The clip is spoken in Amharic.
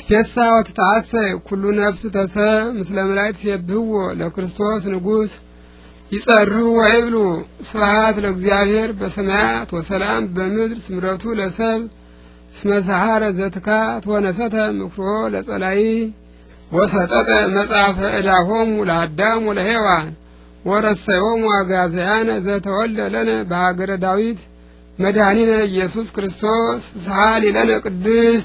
ትፌሳ ወትታሰይ ኩሉ ነፍስ ተሰ ምስለ መላእክት ትሴብህዎ ለክርስቶስ ንጉሥ ይጸርሁ ወይብሉ ስብሐት ለእግዚአብሔር በሰማያት ወሰላም በምድር ስምረቱ ለሰብ እስመ ሰሐረ ዘትካት ወነሰተ ምክሮ ለጸላኢ ወሰጠጠ መጽሐፈ ዕዳሆሙ ለአዳም ወለሔዋን ወረሰዮሙ አጋዘያነ ለነ በሀገረ ዳዊት መድኃኒነ ኢየሱስ ክርስቶስ ሰሐሊ ለነ ቅድስት